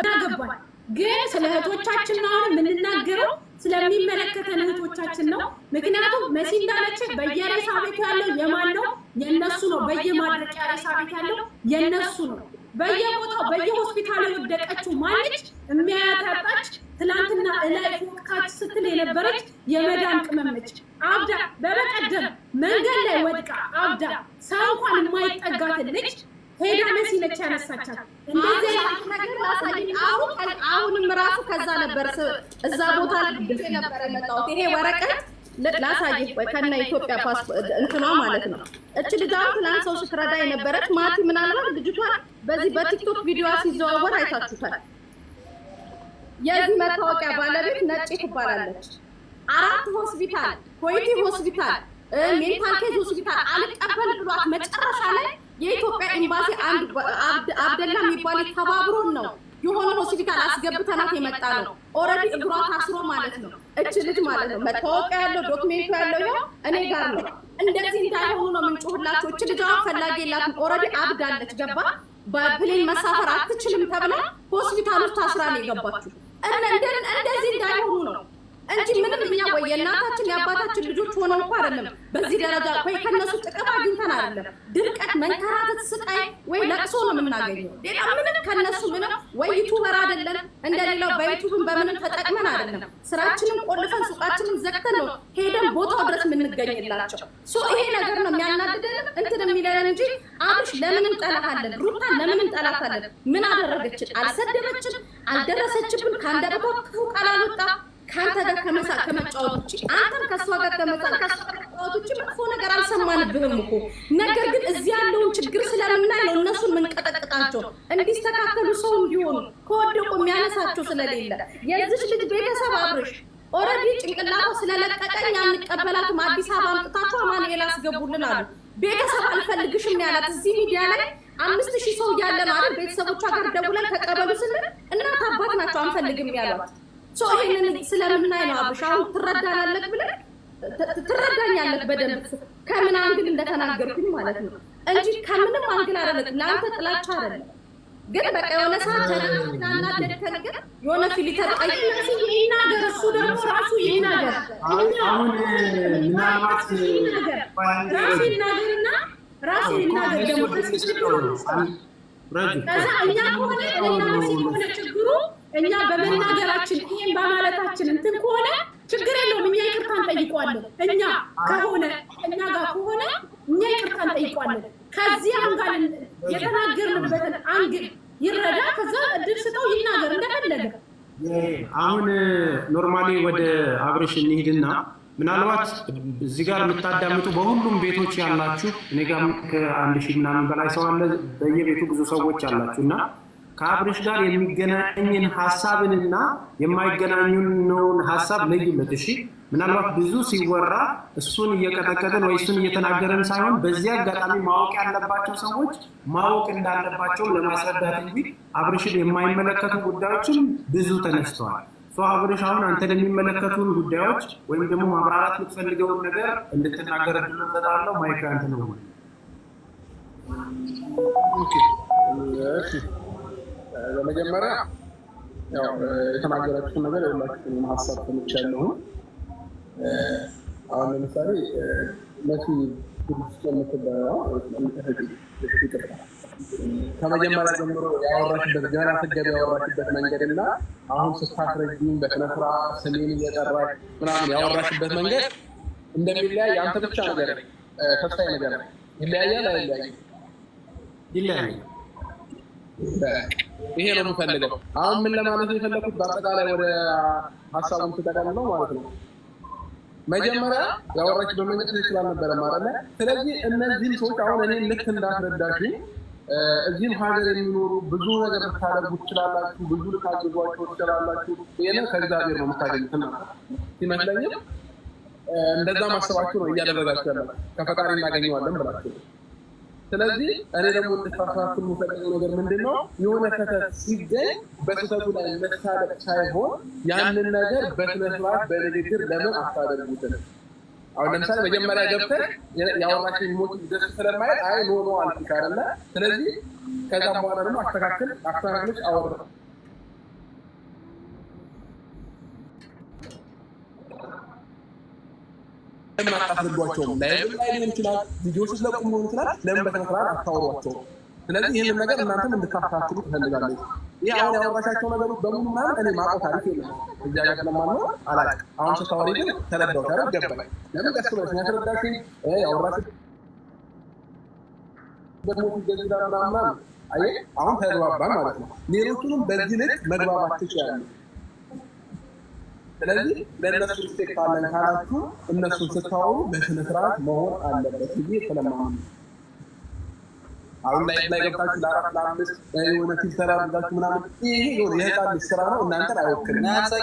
እናገባል። ግን ስለ እህቶቻችን ነው አሁን የምንናገረው፣ ስለሚመለከተን እህቶቻችን ነው። ምክንያቱም መሲ እንዳለች በየሬሳ ቤት ያለው የማን ነው? የነሱ ነው። በየማድረቂያ ሬሳ ቤት ያለው የነሱ ነው። በየቦታው በየሆስፒታሉ የወደቀችው ማለች የሚያያት ያጣች ትናንትና እላይ ፎቅታች ስትል የነበረች የመዳን ቅመም አብዳ በበቀደም መንገድ ላይ ወድቃ አብዳ ሰው እንኳን የማይጠጋትን ልጅ ሄዳ መሲ ነች ያነሳቻት። አሁንም ራሱ ከዛ ነበር እዛ ቦታ ድፍ ነበር የመጣሁት። ይሄ ወረቀት ላሳይህ ቆይ፣ ከነ ኢትዮጵያ ፓስፖርት እንትኗ ማለት ነው። እች ልጅ አሁን ትናንት ሰው ስትረዳ የነበረች ማቲ፣ ምናልባት ልጅቷን በዚህ በቲክቶክ ቪዲዮዋ ሲዘዋወር አይታችሁታል። የዚህ መታወቂያ ባለቤት ነጭ ትባላለች። አራት ሆስፒታል፣ ኮይቲ ሆስፒታል፣ ሜንታል ኬዝ ሆስፒታል አልቀበል ብሏት መጨረሻ ላይ የኢትዮጵያ ኤምባሲ አንድ አብደላ የሚባል ተባብሮን ነው የሆነ ሆስፒታል አስገብተናት የመጣ ነው። ኦልሬዲ እግሯ ታስሮ ማለት ነው እች ልጅ ማለት ነው መታወቂያ ያለው ዶክሜንቱ ያለው ያው እኔ ጋር ነው። እንደዚህ እንዳይሆኑ ነው ምንጮህላቸው። እች ልጅ ፈላጊ የላትም። ኦልሬዲ አብዳለች። ገባ በፕሌን መሳፈር አትችልም ተብላ ሆስፒታሎች ታስራ ነው የገባችሁ። እንደዚህ እንዳይሆኑ ነው እንጂ ምንም እኛ ወይ የእናታችን የአባታችን ልጆች ሆነው እኮ አይደለም። በዚህ ደረጃ ወይ ከነሱ ጥቅም አግኝተን አይደለም ድል የምናገኘው። ሌላ ምንም ከነሱ ምንም ወይ ዩቱበር አይደለም እንደሌላው በዩቱብን በምንም ተጠቅመን አይደለም። ስራችንም ቆልፈን ሱቃችንን ዘግተን ነው ሄደን ቦታው ድረስ የምንገኝላቸው። ይሄ ነገር ነው የሚያናድደንም እንትን የሚለን እንጂ አብሽ ለምን ሩታ ለምን እንጠላታለን? ምን አደረገችን? አልሰደበችን፣ አልደረሰችብን፣ ከአንደበቷ ክፉ ቃል አልወጣ ከአንተ ጋር ከመጫወት ውጭ አንተም ከእሷ ጋር ከመጫወት ውጭ መጥፎ ነገር አልሰማንብህም እኮ ነገር ግን እዚህ ያለውን ችግር ስለምና ስለሌለ የዚች ልጅ ቤተሰብ አብርሽ ኦልሬዲ ጭንቅላቷ ስለለቀቀኝ አንቀበላትም፣ አዲስ አበባ አምጥታችሁ አማኑኤል አስገቡልን አሉ። ቤተሰብ አልፈልግሽም ነው ያላት። እዚህ ሚዲያ ላይ አምስት ሺህ ሰው እያለ ማለት ቤተሰቦቿ ጋር ደውለን ተቀበሉ ስንል እናት አባት ናቸው አንፈልግም ያሏት። ይህንን ስለምናይ ነው አብርሽ አሁን ትረዳናለህ ብለን ትረዳኛለህ በደንብ ከምን አንግል እንደተናገርኩኝ ማለት ነው እንጂ ከምንም አንግል አይደለም። ለአንተ ጥላቻ አይደለም ግን በቃ የሆነ ሰዓት እናናደድከን ግን የሆነ ፊልተር ቀይረሽ ይናገር፣ እሱ ደግሞ ራሱ ይናገር። አሁን ምናልባት ራሱ ራሱ ይናገር ደግሞ ከዛ እኛ ከሆነ እናሲ ችግሩ እኛ በመናገራችን ይህም በማለታችን እንትን ከሆነ ችግር የለውም። እኛ ይቅርታ እንጠይቋለን። እኛ ከሆነ እኛ ጋር ከሆነ እኛ ይቅርታ እንጠይቋለን። ከዚህ አንጋል የተናገርንበትን አንግል ይረዳ። ከዛ እድል ስጠው ይናገር እንደፈለገ። አሁን ኖርማሊ ወደ አብርሽ እንሂድና ምናልባት እዚህ ጋር የምታዳምጡ በሁሉም ቤቶች ያላችሁ እኔ ጋር ከአንድ ሺህ ምናምን በላይ ሰው አለ። በየቤቱ ብዙ ሰዎች አላችሁ እና ከአብርሽ ጋር የሚገናኝን ሀሳብንና የማይገናኙነውን ሀሳብ ለዩለት። እሺ ምናልባት ብዙ ሲወራ እሱን እየቀጠቀጥን ወይ እሱን እየተናገረን ሳይሆን በዚህ አጋጣሚ ማወቅ ያለባቸው ሰዎች ማወቅ እንዳለባቸውም ለማስረዳት እንጂ አብርሽን የማይመለከቱ ጉዳዮችም ብዙ ተነስተዋል። አብርሽ አሁን አንተ ለሚመለከቱን ጉዳዮች ወይም ደግሞ ማብራራት የምትፈልገውን ነገር እንድትናገር እድል እሰጥሃለሁ። ማይክ አንተ ነው። በመጀመሪያ ያው የተናገራችሁትን ነገር የሁላችሁንም ሀሳብ ተመቻለሁን አሁን ለምሳሌ መሲ የምትባለው ከመጀመሪያ ጀምሮ ያወራሽበት ገና ስገብ ያወራሽበት መንገድ እና አሁን ስታስረጅም በስነስራ ስሜን እየጠራሽ ምናምን ያወራሽበት መንገድ እንደሚለያይ አንተ ብቻ ነገር ተስታይ ነገር ይለያያል። አይለያይም? ይለያል ይሄ ነው የምፈልገው። አሁን ምን ለማለት የፈለኩት በአጠቃላይ ወደ ሀሳቡን ነው ማለት ነው መጀመሪያ ያወራች በመንገድ ትክክል አልነበረም አለ። ስለዚህ እነዚህም ሰዎች አሁን እኔ ልክ እንዳስረዳሽኝ እዚህም ሀገር የሚኖሩ ብዙ ነገር ልታደርጉ ትችላላችሁ፣ ብዙ ልታግዟቸው ትችላላችሁ። ይህንን ከእግዚአብሔር ነው የምታገኙት ሲመስለኝም እንደዛ ማሰባችሁ ነው እያደረጋችሁ ያለ ከፈጣሪ እናገኘዋለን ብላችሁ ስለዚህ እኔ ደግሞ እንድታሳስብ የምፈልገው ነገር ምንድን ነው? የሆነ ስህተት ሲገኝ በስህተቱ ላይ መሳለቅ ሳይሆን ያንን ነገር በስነ በንግግር ለምን አታደርጉትን? አሁን ለምሳሌ መጀመሪያ ገብተህ የአወራችን ሞት ደስ ስለማየት አይ ኖ ኖ አልክ አይደለ? ስለዚህ ከዛም በኋላ ደግሞ አስተካክል አስተካክሎች አወራ ለምን አታስረዷቸውም? ላይብም ላይ ሊሆን ይችላል፣ ቪዲዮች ስለቁም ሊሆን ይችላል። ለምን አታወሯቸውም? ስለዚህ ይህንን ነገር እናንተም ትፈልጋለች። ይህ አሁን ያወራሻቸው ነገሮች በሙሉ ምናምን እኔ ታሪክ የለም አሁን ስታወሪ ግን ተረዳው ተረ ገባኝ። ለምን ቀስ ብለሽ ያስረዳሽ ያወራሽ ደግሞ ምናምን አሁን ተግባባን ማለት ነው። ሌሎቹንም በዚህ ልክ መግባባት ትችላለች። ስለዚህ ለእነሱ ሪስፔክት አለን ካላችሁ እነሱን ስታወሩ በስነስርዓት መሆን አለበት ጊዜ ስለማሆን አሁን ላይ ላይ ገብታችሁ ለአራት ለአምስት የሆነ ፊልተር አድርጋችሁ ምናምን ይሄ የሆነ የህፃን ስራ ነው። እናንተን አይወክልም። እናንተን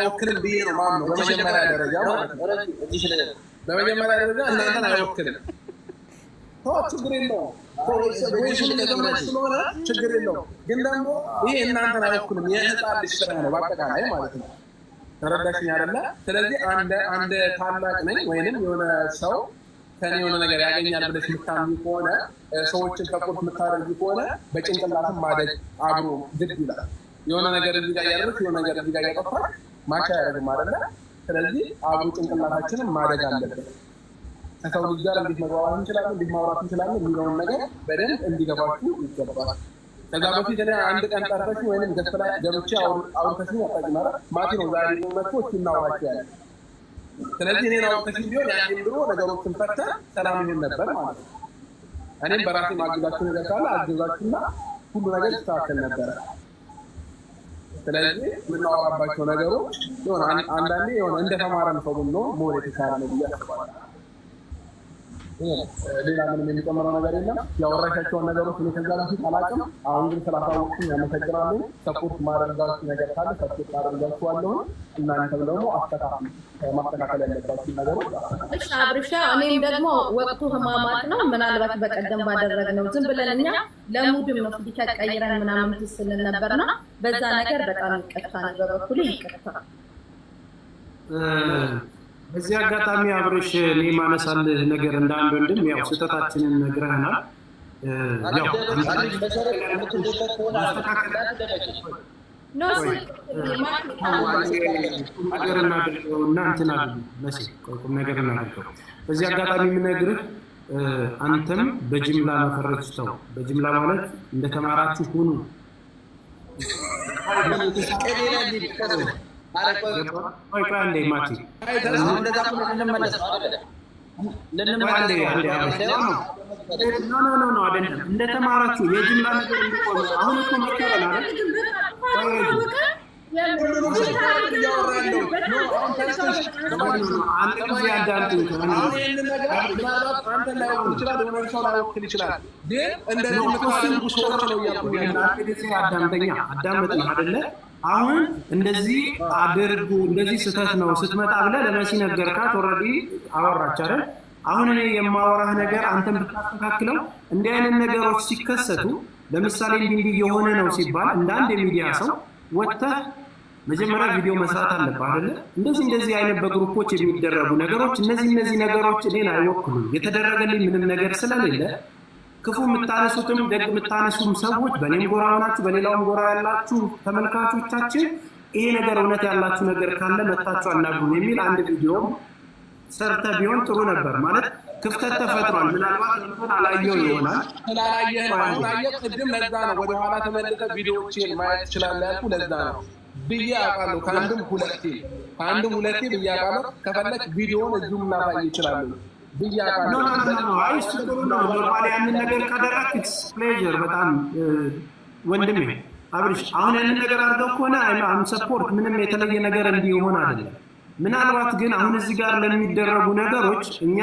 አይወክልም ብዬ ነው ማምነው። በመጀመሪያ ደረጃ በመጀመሪያ ደረጃ እናንተን አይወክልም። ችግር የለውም። ስለሆነ ችግር የለውም። ግን ደግሞ ይህ እናንተ አይወክልም፣ የህፃን ልጅ ስራ ነው በአጠቃላይ ማለት ነው። ተረዳሽኝ አይደለ? ስለዚህ አንድ ታላቅ ነኝ ወይንም የሆነ ሰው ከኔ የሆነ ነገር ያገኛል ብለሽ የምታምኚ ከሆነ ሰዎችን ከቁርት የምታደርጊ ከሆነ በጭንቅላትም ማደግ አብሮ ግድ ይላል። የሆነ ነገር እዚህ ጋር ያደረግሽ የሆነ ነገር እዚህ ጋር ያጠፋሽ ማቻ ያደርግም አይደለ? ስለዚህ አብሮ ጭንቅላታችንም ማደግ አለብን። ከሰው ልጅ ጋር እንዴት መግባባት እንችላለን፣ እንዴት ማውራት እንችላለን የሚለውን ነገር በደንብ እንዲገባችሁ ይገባል። ከዛ በፊት እኔ አንድ ቀን ጠርተሽ ወይም ገስ ላይ ገብቼ አውርተሽ አታውቂም። ኧረ ማቲ ነው ዛሬ መጥቶ እስኪ እናውራቸው ያለ። ስለዚህ እኔን አውርተሽ ቢሆን ያንን ድሮ ነገሮችን ፈተ ሰላም ይሆን ነበር ማለት ነው። እኔም በራሴ ማግዛችሁ ነገር ካለ ሁሉ ነገር ይስተካከል ነበረ። ስለዚህ የምናወራባቸው ነገሮች ሆነ አንዳንዴ ሆነ እንደተማረን ሰው ነው መሆን የተሻለ ነው ብዬ አስባለሁ። ሌላ ምንም የሚጨምረው ነገር የለም። ያወራሻቸውን ነገሮች እኔ ከዛ በፊት አላውቅም። አሁን ግን ስላሳወቅሽኝ ያመሰግናሉ። ሰፖርት ማድረጋችሁ ነገር ካለ ሰፖርት ማድረጋችኋለሁ። እናንተም ደግሞ አስተካክሉ፣ ማስተካከል ያለባችሁ ነገሮች እሺ። አብርሻ እኔም ደግሞ ወቅቱ ህማማት ነው። ምናልባት በቀደም ባደረግ ነው ዝም ብለን እኛ ለሙድም ነው ፍዲቻ ቀይረን ምናምን ስልን ነበርና በዛ ነገር በጣም ይቅርታ ነው፣ በኩል ይቅርታ በዚህ አጋጣሚ አብርሽ እኔ ማነሳልህ ነገር እንደ አንድ ወንድም ያው ስህተታችንን ነግረህናል። በዚህ አጋጣሚ የምነግርህ አንተም በጅምላ መፈረጅ ተው። በጅምላ ማለት እንደ ተማራችሁ ሁኑ። እንደተማራችሁ የጅምላ ነገር እንዲቆም አሁን እኮ መከረን አለ አዳምጠኛ አዳምጥ ነው አይደለ? አሁን እንደዚህ አድርጉ እንደዚህ ስህተት ነው ስትመጣ ብለህ ለመሲ ነገርካት። ኦልሬዲ አወራች አይደል? አሁን እኔ የማወራህ ነገር አንተን ብታስተካክለው እንዲህ አይነት ነገሮች ሲከሰቱ ለምሳሌ እንዲህ የሆነ ነው ሲባል እንደ አንድ የሚዲያ ሰው ወጥተህ መጀመሪያ ቪዲዮ መስራት አለብህ አይደለ? እንደዚህ እንደዚህ አይነት በግሩፖች የሚደረጉ ነገሮች እነዚህ እነዚህ ነገሮች እኔን አይወክሉም የተደረገልኝ ምንም ነገር ስለሌለ ክፉ የምታነሱትም ደግ የምታነሱም ሰዎች በእኔም ጎራ ሆናችሁ በሌላውም ጎራ ያላችሁ ተመልካቾቻችን ይሄ ነገር እውነት ያላችሁ ነገር ካለ መታችሁ አናግሩን የሚል አንድ ቪዲዮም ሰርተ ቢሆን ጥሩ ነበር። ማለት ክፍተት ተፈጥሯል። ምናልባት አላየው ይሆናል ስላላየ ላየ ቅድም ለዛ ነው ወደኋላ ተመልሰ ቪዲዮዎችን ማየት ትችላለህ ያልኩ ለዛ ነው ብዬ አውቃለሁ። ከአንድም ሁለቴ ከአንድም ሁለቴ ብዬ አውቃለሁ። ከፈለክ ቪዲዮውን እዚሁም እናሳይ ይችላሉ። ያንን ነገር ካደረክ በጣም ወንድሜ አብርሽ፣ አሁን ያንን ነገር አድርገው ከሆነ አም ሰፖርት ምንም የተለየ ነገር እንዲሆን አይደለም። ምናልባት ግን አሁን እዚህ ጋር ለሚደረጉ ነገሮች እኛ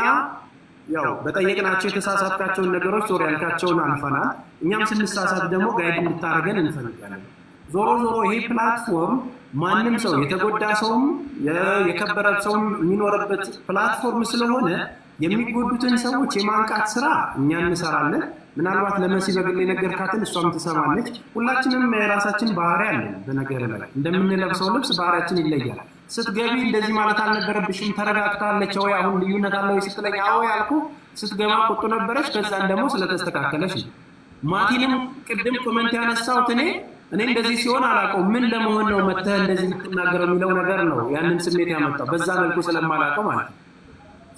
ያው በጠየቅናቸው የተሳሳትካቸውን ነገሮች ዞር ያልካቸውን አልፈናል። እኛም ስንሳሳት ደግሞ ጋይድ እንድታደርገን እንፈልጋለን። ዞሮ ዞሮ ይሄ ፕላትፎርም ማንም ሰው የተጎዳ ሰውም የከበረ ሰውም የሚኖርበት ፕላትፎርም ስለሆነ የሚጎዱትን ሰዎች የማንቃት ስራ እኛ እንሰራለን። ምናልባት ለመሲ በግል የነገርካትን እሷም ትሰማለች። ሁላችንም የራሳችን ባህሪ አለን። በነገር ላይ እንደምንለብሰው ልብስ ባህሪያችን ይለያል። ስትገቢ እንደዚህ ማለት አልነበረብሽም፣ ተረጋግታለች ወይ አሁን ልዩነት አለ ወይ ስትለኝ አዎ ያልኩ፣ ስትገባ ቁጡ ነበረች። ከዛን ደግሞ ስለተስተካከለች ነው። ማቲንም ቅድም ኮመንት ያነሳሁት እኔ እኔ እንደዚህ ሲሆን አላውቀው ምን ለመሆን ነው መተህ እንደዚህ የምትናገረው የሚለው ነገር ነው ያንን ስሜት ያመጣው በዛ መልኩ ስለማላውቀው ማለት ነው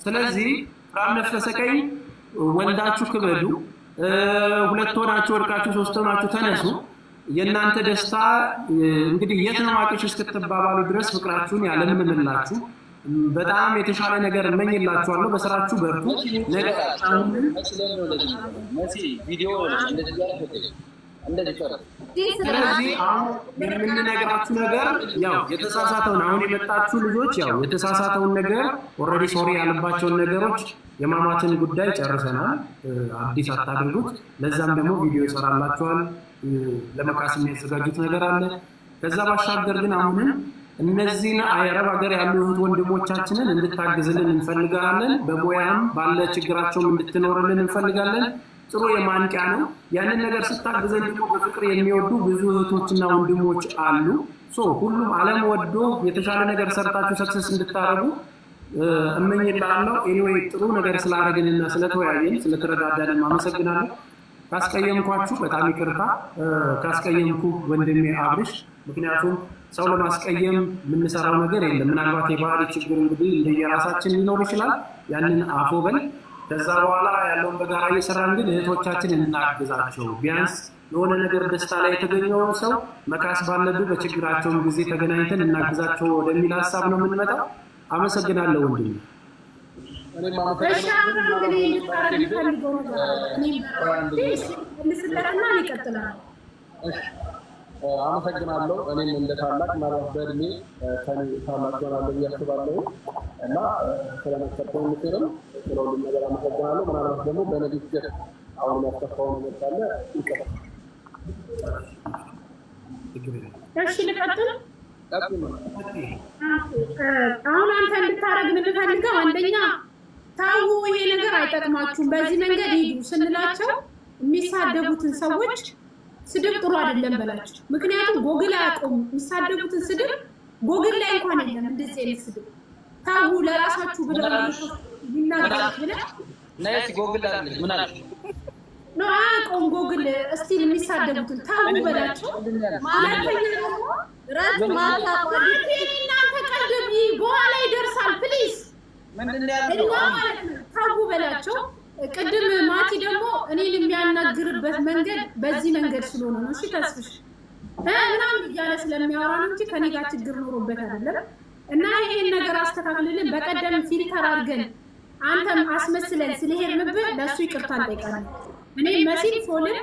ስለዚህ ራም ነፈሰ ቀይ ወልዳችሁ ክበዱ። ሁለት ሆናችሁ ወርቃችሁ ሶስት ሆናችሁ ተነሱ። የእናንተ ደስታ እንግዲህ የት ነው ማጮች እስክትባባሉ ድረስ ፍቅራችሁን ያለምንላችሁ በጣም የተሻለ ነገር እመኝላችኋለሁ። በስራችሁ በርቱ። ስለዚህ አሁን የምንነግራችሁ ነገር ያው የተሳሳተውን አሁን የመጣችሁ ልጆች ያው የተሳሳተውን ነገር ኦልሬዲ ሶሪ ያለባቸውን ነገሮች የማማትን ጉዳይ ጨርሰናል። አዲስ አታድርጉት። ለዛም ደግሞ ቪዲዮ ይሰራላችኋል። ለመካስ የሚያዘጋጁት ነገር አለ። ከዛ ባሻገር ግን አሁንም እነዚህን አረብ ሀገር ያሉ እህት ወንድሞቻችንን እንድታግዝልን እንፈልጋለን። በሙያም ባለ ችግራቸውም እንድትኖርልን እንፈልጋለን። ጥሩ የማንቂያ ነው። ያንን ነገር ስታግዘን ደግሞ በፍቅር የሚወዱ ብዙ እህቶችና ወንድሞች አሉ። ሁሉም አለም ወዶ የተሻለ ነገር ሰርታችሁ ሰክሰስ እንድታደርጉ እመኝላለሁ። ኤኒዌይ ጥሩ ነገር ስላደረግንና ስለተወያየን ስለተረጋዳን አመሰግናለሁ። ካስቀየምኳችሁ በጣም ይቅርታ። ካስቀየምኩ ወንድሜ አብርሽ፣ ምክንያቱም ሰው ለማስቀየም የምንሰራው ነገር የለም። ምናልባት የባህሪ ችግር እንግዲህ እንደየራሳችን ሊኖር ይችላል። ያንን አፎ በል ከዛ በኋላ ያለውን በጋራ እየሰራን ግን እህቶቻችን እናግዛቸው። ቢያንስ የሆነ ነገር ደስታ ላይ የተገኘውን ሰው መካስ ባለብ በችግራቸውን ጊዜ ተገናኝተን እናግዛቸው ወደሚል ሀሳብ ነው የምንመጣው። አመሰግናለሁ ወንድም። አመሰግናለሁ። እኔም እንደ ታላቅ ማለት በእድሜ ታላቅ ሆናለሁ እያስባለሁ እና ስለመሰጠ የምትልም ስለሁሉም ነገር አመሰግናለሁ። ምናልባት ደግሞ በንግግር አሁን ያስከፋው ነገር ካለ ይቀጥል። እሺ ልቀጥል። አሁን አንተ እንድታረግ የምንፈልገው አንደኛ ታው ይሄ ነገር አይጠቅማችሁም፣ በዚህ መንገድ ሂዱ ስንላቸው የሚሳደቡትን ሰዎች ስድብ ጥሩ አይደለም በላቸው። ምክንያቱም ጎግል አያውቁም የሚሳደቡትን ስድብ ጎግል ላይ እንኳን የለም እንደዚህ አይነት ስድብ ታው ለራሳችሁ ብላችሁ ይናገር ብለህ ነስ ጎግል ምን አለ ኖ አቆም ጎግል እስቲ የሚሳደቡትን ታው በላቸው። እናንተ ቀደም በኋላ ይደርሳል። ፕሊዝ ምንድነው ታው በላቸው። ቅድም ማቲ ደግሞ እኔን የሚያናግርበት መንገድ በዚህ መንገድ ስለሆነ ነው። እሺ ተስፍሽ ምናምን እያለ ስለሚያወራ ነው እንጂ ከኔ ጋር ችግር ኖሮበት አይደለም። እና ይሄን ነገር አስተካክልልን። በቀደም ፊልተር አድርገን አንተም አስመስለን ስለሄድንብህ ለእሱ ይቅርታ እንጠይቃለን። እኔ መሲል ፎልን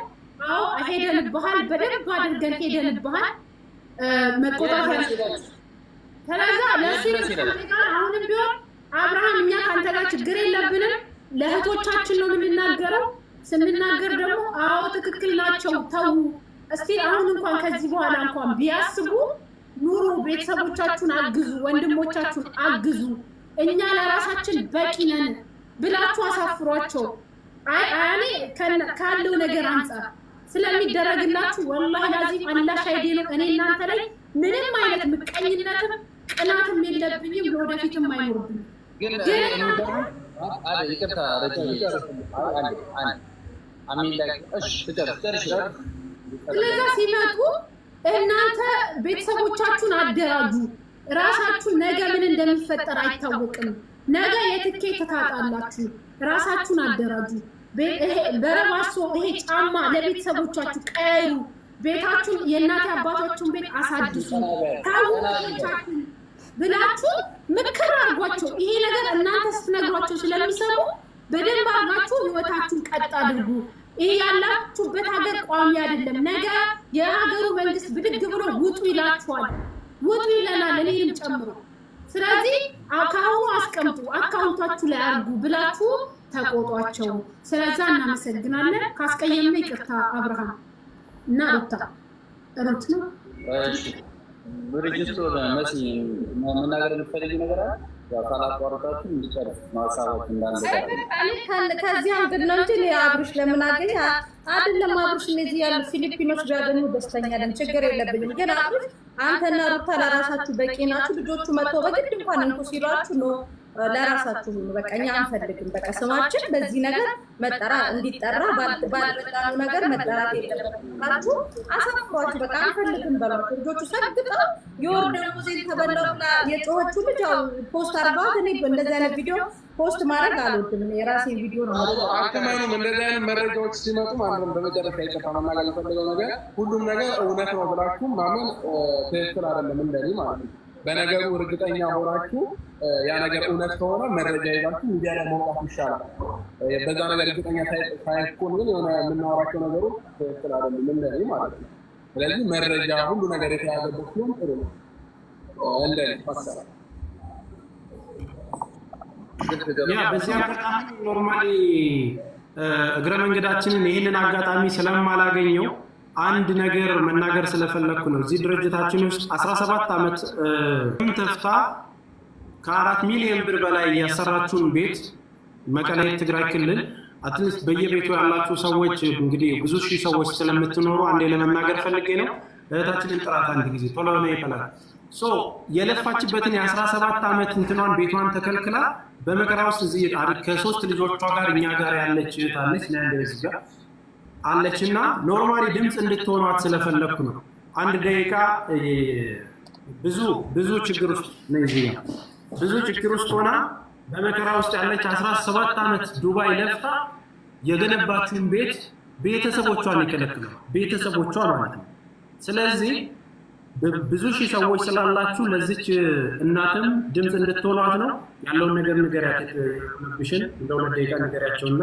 አዎ ሄደንብሃል፣ በደንብ አድርገን ሄደንብሃል። መቆጣጠር ከዛ ለእሱ ይቅርታል። አሁንም ቢሆን አብርሃም፣ እኛ ከአንተ ጋር ችግር የለብንም። ለእህቶቻችን ነው የምንናገረው። ስንናገር ደግሞ አዎ ትክክል ናቸው ተዉ። እስቲ አሁን እንኳን ከዚህ በኋላ እንኳን ቢያስቡ ኑሩ፣ ቤተሰቦቻችሁን አግዙ፣ ወንድሞቻችሁን አግዙ፣ እኛ ለራሳችን በቂ ነን ብላችሁ አሳፍሯቸው። እኔ ካለው ነገር አንጻር ስለሚደረግላችሁ ወላሂ ላዚም አላሽ አይዴ ነው። እኔ እናንተ ላይ ምንም አይነት ምቀኝነትም ቅናትም የለብኝም ለወደፊትም አይኖርብኝም። ስለዛ ሲመጡ እናንተ ቤተሰቦቻችሁን አደራጁ። ራሳችሁ ነገ ምን እንደሚፈጠር አይታወቅም። ነገ የትኬ ተታጣላችሁ። ራሳችሁን አደራጁ። በረባሶ ይሄ ጫማ ለቤተሰቦቻችሁ ቀሩ። ቤታችሁን የእናት አባታችሁን ቤት አሳድሱ ታወቻችሁ ብላችሁ ምክር አድርጓቸው። ይሄ ነገር እናንተ ስትነግሯቸው ስለሚሰሩ በደንብ አድርጋችሁ ህይወታችሁን ቀጥ አድርጉ። ይህ ያላችሁበት ሀገር ቋሚ አይደለም። ነገ የሀገሩ መንግስት ብድግ ብሎ ውጡ ይላችኋል፣ ውጡ ይለናል፣ እኔንም ጨምሮ። ስለዚህ ከአሁኑ አስቀምጡ፣ አካውንታችሁ ላይ አርጉ ብላችሁ ተቆጧቸው። ስለዛ እናመሰግናለን። ካስቀየምነ ይቅርታ። አብርሃም እና ሩታ ሩት ነው ብርጅስቶ መሲ መናገር የምትፈልጊ ነገር አለ? ካላቋረጣችሁ እንዲጨርስ ነው እንጂ አብርሽ ለምን አገኝ አይደለም። አብርሽ እነዚህ ያሉ ፊሊፒኖች ጋር ደግሞ ደስተኛ ነን፣ ችግር የለብኝም። ግን አብርሽ አንተና ሩታ ለራሳችሁ በቂ ናችሁ። ልጆቹ መጥተው በግድ እንኳን እንኩ ሲሏችሁ ነው ለራሳችሁ ሁኑ። በቃ እኛ አንፈልግም። በቃ ስማችን በዚህ ነገር መጠራ እንዲጠራ ባልጠጣኑ ነገር መጠራት የለባችሁ። አሳፍሯችሁ በቃ አንፈልግም በሏቸው። ልጆቹ ሰግጠ የወርደሉ ዜ ተበለቁ የጮዎቹ ልጅ ፖስት አርባት እኔ እንደዚህ አይነት ቪዲዮ ፖስት ማድረግ አልወድም። የራሴ ቪዲዮ ነው አትመኑም። እንደዚህ አይነት መረጃዎች ሲመጡ ማንም በመጨረሻ ይጠፋ መናገር የፈለገው ነገር ሁሉም ነገር እውነት ነው ብላችሁም ማመን ትክክል አይደለም፣ እንደኔ ማለት ነው። በነገሩ እርግጠኛ ሆናችሁ ያ ነገር እውነት ከሆነ መረጃ ይዛችሁ ሚዲያ ላይ መውጣት ይሻላል። በዛ ነገር እርግጠኛ ሳይኮን ግን የሆነ የምናወራቸው ነገሮች ትክክል አይደሉም፣ እንደኔ ማለት ነው። ስለዚህ መረጃ ሁሉ ነገር የተያዘበት ሲሆን ጥሩ ነው። እንደ ፈሰረ በዚህ አጋጣሚ ኖርማሊ እግረ መንገዳችንን ይህንን አጋጣሚ ስለማላገኘው አንድ ነገር መናገር ስለፈለግኩ ነው። እዚህ ድርጅታችን ውስጥ 17 ዓመት ተፍታ ከአራት ሚሊዮን ብር በላይ ያሰራችሁን ቤት መቀሌ፣ ትግራይ ክልል አትሊስት በየቤቱ ያላችሁ ሰዎች እንግዲህ ብዙ ሺህ ሰዎች ስለምትኖሩ አንዴ ለመናገር ፈልጌ ነው። እህታችንን ጥራት አንድ ጊዜ ቶሎ ነው ሶ የለፋችበትን የአስራ ሰባት ዓመት እንትኗን ቤቷን ተከልክላ በመከራ ውስጥ እዚህ ከሶስት ልጆቿ ጋር እኛ ጋር ያለች እህት አለች። አለችና ኖርማሊ ድምፅ እንድትሆኗት ስለፈለግኩ ነው። አንድ ደቂቃ ብዙ ብዙ ችግር ውስጥ ነው። ብዙ ችግር ውስጥ ሆና በመከራ ውስጥ ያለች 17 ዓመት ዱባይ ለፍታ የገነባችሁን ቤት ቤተሰቦቿን ይከለክላል። ቤተሰቦቿ ማለት ነው። ስለዚህ ብዙ ሺህ ሰዎች ስላላችሁ ለዚች እናትም ድምፅ እንድትሆኗት ነው። ያለውን ነገር ንገሪያት። ብሽን እንደ ሁለት ደቂቃ ንገሪያቸውና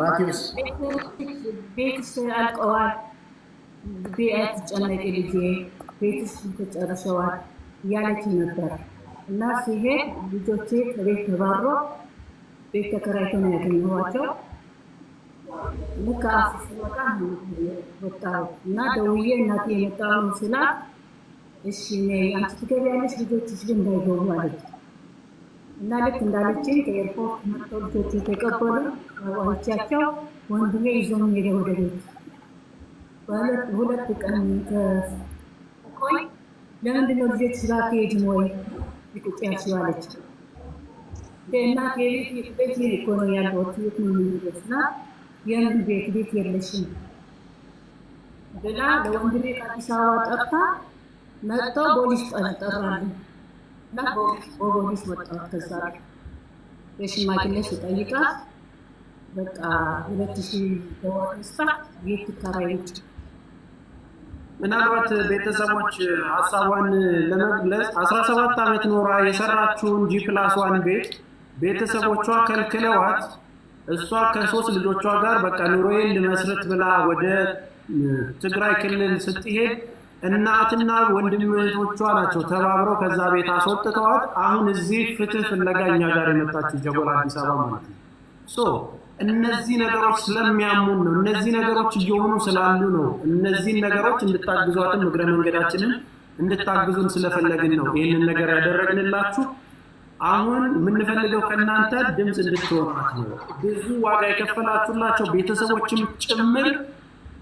ማቴዎስ ቤትሽ አልቀዋል፣ አትጨነቂ ልጄ ቤትሽ ተጨርሰዋል እያለች ነበር እና ሲሄድ ልጆቼ ከቤት ተባሮ ቤት ተከራይቶ ነው ያገኘኋቸው። ልክ ስወጣ ወጣሁ እና ደውዬ እናቴ የመጣሁ ስላት እሺ አንቺ ትገቢያለሽ ልጆችሽ ግን እንዳይገቡ አለች። እና ልክ እንዳለችን ከኤርፖርት መጥተው ልጆቹ የተቀበሉ ዋቻቸው ወንድሜ ይዞም ሄደ ወደ ቤት። ሁለት ቀን ቆይ ለምንድን ነው ልጆች ስራ ትሄጂም ወይ ልቅጫ ሲዋለች እናት ቤት እኮ ነው ያለሁት ቤት ነው የሚሄደት እና የምን ቤት ቤት የለሽም ብላ ለወንድሜ ከአዲስ አበባ ጠርታ መጥተው ፖሊስ ጠራሉ። እና በኦሮቢስ ወጣት ከዛ የሽማግሌ ስጠይቃት በቃ ሁለት ሺህ ስታ ቤት ትከራዮች ምናልባት ቤተሰቦች ሀሳቧን ለመግለጽ አስራ ሰባት ዓመት ኖራ የሰራችውን ጂፕላሷን ቤት ቤተሰቦቿ ከልክለዋት እሷ ከሶስት ልጆቿ ጋር በቃ ኑሮዬን ልመስርት ብላ ወደ ትግራይ ክልል ስትሄድ እናትና ወንድም ናቸው ተባብረው ከዛ ቤት አስወጥተዋት፣ አሁን እዚህ ፍትህ ፍለጋ እኛ ጋር የመጣችው ጀጎል አዲስ አበባ ማለት ነው። ሶ እነዚህ ነገሮች ስለሚያሙን ነው፣ እነዚህ ነገሮች እየሆኑ ስላሉ ነው። እነዚህን ነገሮች እንድታግዟትም እግረ መንገዳችንን እንድታግዙን ስለፈለግን ነው ይህንን ነገር ያደረግንላችሁ። አሁን የምንፈልገው ከእናንተ ድምፅ እንድትሆናት ነው። ብዙ ዋጋ የከፈላችሁላቸው ቤተሰቦችም ጭምር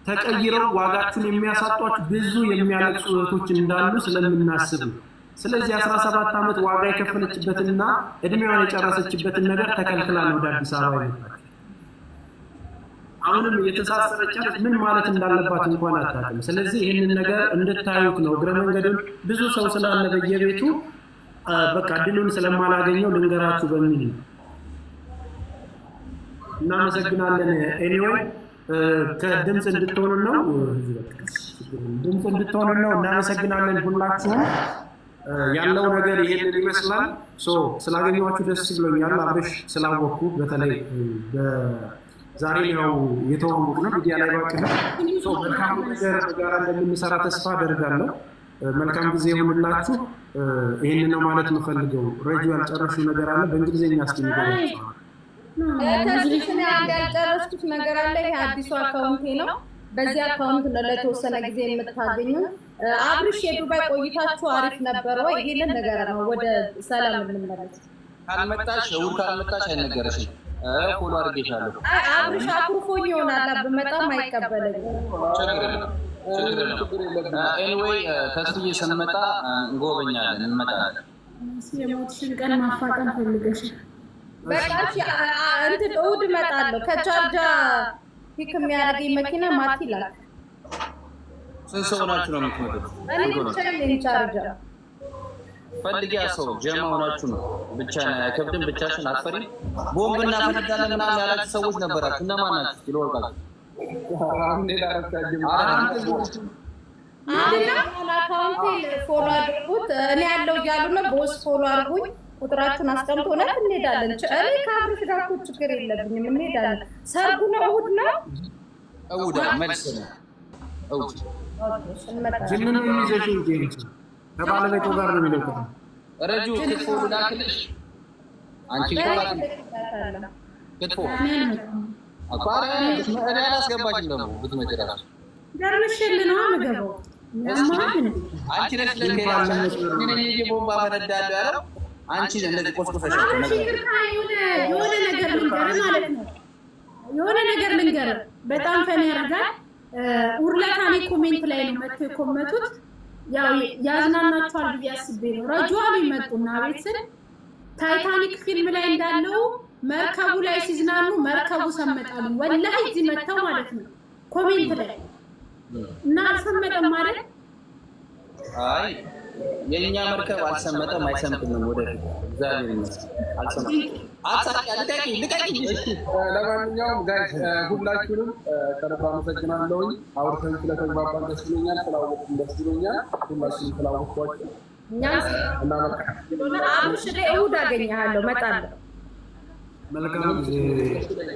ተቀይረው ዋጋችሁን የሚያሳጧችሁ ብዙ የሚያለቅሱ እህቶች እንዳሉ ስለምናስብ ነው። ስለዚህ ሰባት ዓመት ዋጋ የከፈለችበትንና እድሜዋን የጨረሰችበትን ነገር ተከልክላ ነው ወደ አዲስ አበባ ይመጣል። አሁንም የተሳሰረች ምን ማለት እንዳለባት እንኳን አታውቅም። ስለዚህ ይህንን ነገር እንድታዩት ነው። እግረ መንገድም ብዙ ሰው ስላለ በየቤቱ በቃ ድሉን ስለማላገኘው ልንገራችሁ በሚል ነው። እናመሰግናለን። ኤኒዌይ ከድምፅ እንድትሆኑ ነው ድምፅ እንድትሆኑ ነው። እናመሰግናለን ሁላችሁም። ያለው ነገር ይሄንን ይመስላል። ስላገኘኋችሁ ደስ ብሎኛል። አብርሽ ስላወቅኩ በተለይ ዛሬ ያው የተዋወቅ ነው ሚዲያ ላይ ባቅ ነው። መልካም ነገር ጋር እንደምንሰራ ተስፋ አደርጋለሁ። መልካም ጊዜ ይሁንላችሁ። ይህንን ነው ማለት የምፈልገው። ረጁ ያልጨረሹ ነገር አለ በእንግሊዝኛ ስሚገ ትንሽን ያልጨረስኩት ነገር አለ። ይሄ አዲሱ አካውንቴ ነው። በዚህ አካውንት ነው ለተወሰነ ጊዜ የምታገኙ። አብርሽ የዱባይ ቆይታችሁ አሪፍ ነበረ ወይ? ይሄንን ነገር ነው ወደ ሰላም የምንመለስ። ካልመጣሽ እሑድ ካልመጣሽ አይነገረሽም። ፎሎ አድርጌሻለሁ። አብርሽ አኩርፎኝ ይሆናል ብመጣም አይቀበለኝም። ኤኒዌይ ተስዬ ስንመጣ እንጎበኛለን፣ እንመጣለን። የሞትሽን ቀን ማፋጠን ፈልገሻል በቃ እንትን እሑድ እመጣለሁ። ከቻርጃ ፒክ የሚያደርገኝ መኪና ማቲ ላክ። ስንት ሰው ሆናችሁ ነው የምትመጡት? እኔ ቻርጃ ፈልጊያ ሰው ጀማ ሆናችሁ ነው። ብቻ ከብድን ብቻሽን አትፈሪም? ቦምብ እናፈነዳለን ምናምን ያላችሁ ሰዎች ነበራችሁ። እነማን ናችሁ? ኪሎ ወርቃችሁ ፎሎ አድርጉት። እኔ ያለው እያሉ ነው። ቦስ ፎሎ አድርጉኝ ቁጥራችን አስቀምጦናል። እንሄዳለን። እኔ ከአብርሽ ጋር እኮ ችግር የለብኝም። እንሄዳለን። ሰርጉ ነው እሑድ ነው እሑድ መልስ ነው እሑድ ዝምንም ይዘሽ እንጂ ከባለቤቱ ጋር ነው የሚለው ረጁ ክትፎ ብላክልሽ አንቺ ክትፎ አቋረ እኔ አላስገባሽም ደግሞ ብትመጪ እራሱ ደርሽል ነው የምገባው አንቺ ነሽ ለ ቦምባ መነዳለሁ ያለው አንቺ እንደዚህ ቆስቆሰሽ የሆነ ነገር ልንገር ማለት ነው። የሆነ ነገር ልንገር በጣም ፈን ያደርጋል። ውርለታኔ ኮሜንት ላይ ነው መጥተው የኮመቱት። ያው ያዝናናቸዋል ብዬ አስቤ ነው። ረጅዋሉ ይመጡና ቤት ስል ታይታኒክ ፊልም ላይ እንዳለው መርከቡ ላይ ሲዝናኑ መርከቡ ሰመጣሉ። ወላሂ እዚህ መጥተው ማለት ነው ኮሜንት ላይ እና አልሰመጠም ማለት አይ የኛ መርከብ አልሰመጠም፣ አይሰምጥም። ወደፊት እግዚአብሔር ይመስገን አልሰመጠም። ለማንኛውም ጋይ ሁላችሁንም ከልብ አመሰግናለሁኝ። አውርተን ስለተግባባን ደስ ይለኛል። ስላወቅን ደስ ይለኛል። ሁላችሁም ስላወቅኳቸው እናመልካለን። እሑድ አገኘሃለሁ፣ እመጣለሁ። መልካም ጊዜ